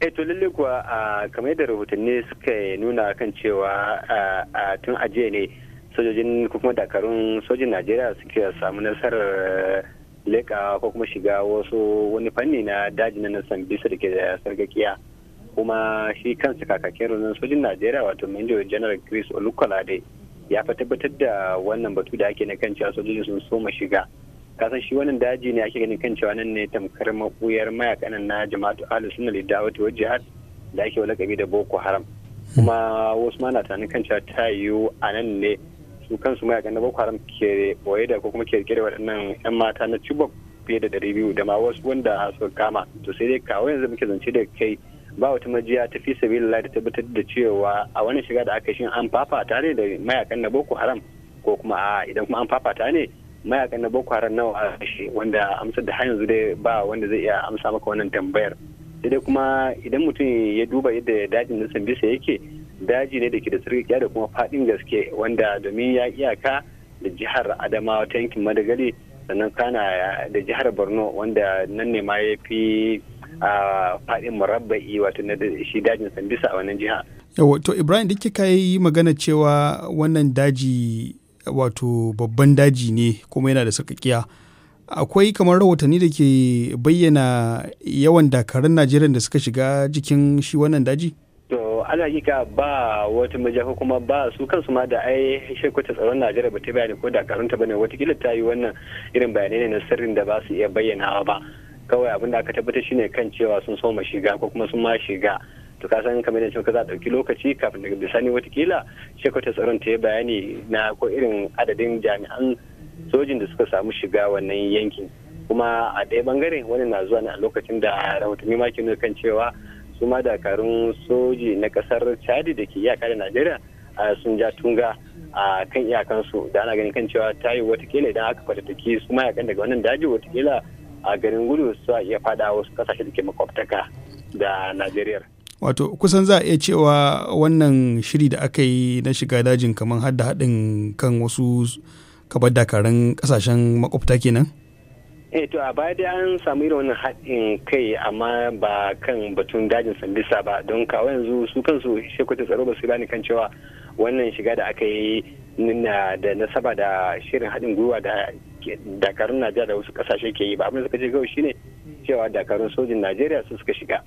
eh to lalle kuwa kamar yadda rahotanni suka nuna kan cewa tun ajiye ne sojojin ko kuma dakarun sojin najeriya suke samu nasarar leka ko kuma shiga wasu wani fanni na daji na nasan bisa da ke da sargakiya kuma shi kansa kakakin rundunar sojin najeriya wato major janar chris olukolade ya fa tabbatar da wannan batu da ake na kan cewa sojojin sun soma shiga kasan shi wannan daji ne ake ganin kan cewa nan ne tamkar makuyar mayakan na jama'atu ahli sunna da da'wati wa jihad da ake walakabi da boko haram kuma wasu ma na tunanin kan cewa ta yiwu a nan ne su kansu mayakan na boko haram ke boye da ko kuma ke rike da waɗannan yan mata na chibok fiye da ɗari biyu da ma wasu wanda su kama to sai dai kawo yanzu muke zance da kai ba wata majiya ta fi lalai da tabbatar da cewa a wannan shiga da aka shi an fafata ne da mayakan na boko haram ko kuma a idan kuma an fafata ne mayaka na boko haram nawa a shi wanda amsar da har yanzu dai ba wanda zai iya amsa maka wannan tambayar sai dai kuma idan mutum ya duba yadda dajin na sambisa yake daji ne da ke da sarkakiya da kuma fadin gaske wanda domin ya iyaka da jihar adamawa ta yankin madagali sannan kana da jihar borno wanda nan ne ma ya fi fadin murabba'i wato na shi dajin sambisa a wannan jiha yawa to ibrahim da kika yi magana cewa wannan daji wato babban daji ne kuma yana da sarkakiya akwai kamar rahotanni da ke bayyana yawan dakarun najeriya da suka shiga jikin shi wannan daji to ana hakika ba wata majafa kuma ba su kansu ma da ai shekwata tsaron najeriya ba ta bayani ko dakarun ta bane watakila ta yi wannan irin bayanai ne na sirrin da ba su iya bayyanawa ba kawai abin da aka tabbatar shine kan cewa sun soma shiga ko kuma sun ma shiga to ka san kamar yadda ka za a ɗauki lokaci kafin daga bisani watakila ta tsaron ta yi bayani na ko irin adadin jami'an sojin da suka samu shiga wannan yankin kuma a ɗaya bangare wani na zuwa na a lokacin da rahotanni ma ke kan cewa su ma dakarun soji na ƙasar chadi da ke iyaka da najeriya sun ja tunga a kan iyakansu da ana ganin kan cewa ta yi watakila idan aka kwatattaki su ma yakan daga wannan daji watakila a garin gudu su iya fada wasu kasashe da ke makwabtaka da najeriya wato kusan za a iya cewa wannan shiri da aka yi na shiga dajin kamar hada haɗin kan wasu kabar dakarun kasashen makwabta kenan eh to a baya dai an samu irin wannan haɗin kai amma ba kan batun dajin sambisa ba don kawo yanzu su kansu shekwata tsaro ba su bani kan cewa wannan shiga da aka yi na da nasaba da shirin haɗin gwiwa da dakarun najeriya da wasu kasashe ke yi ba abin da suka ce kawai shine cewa dakarun sojin najeriya su suka shiga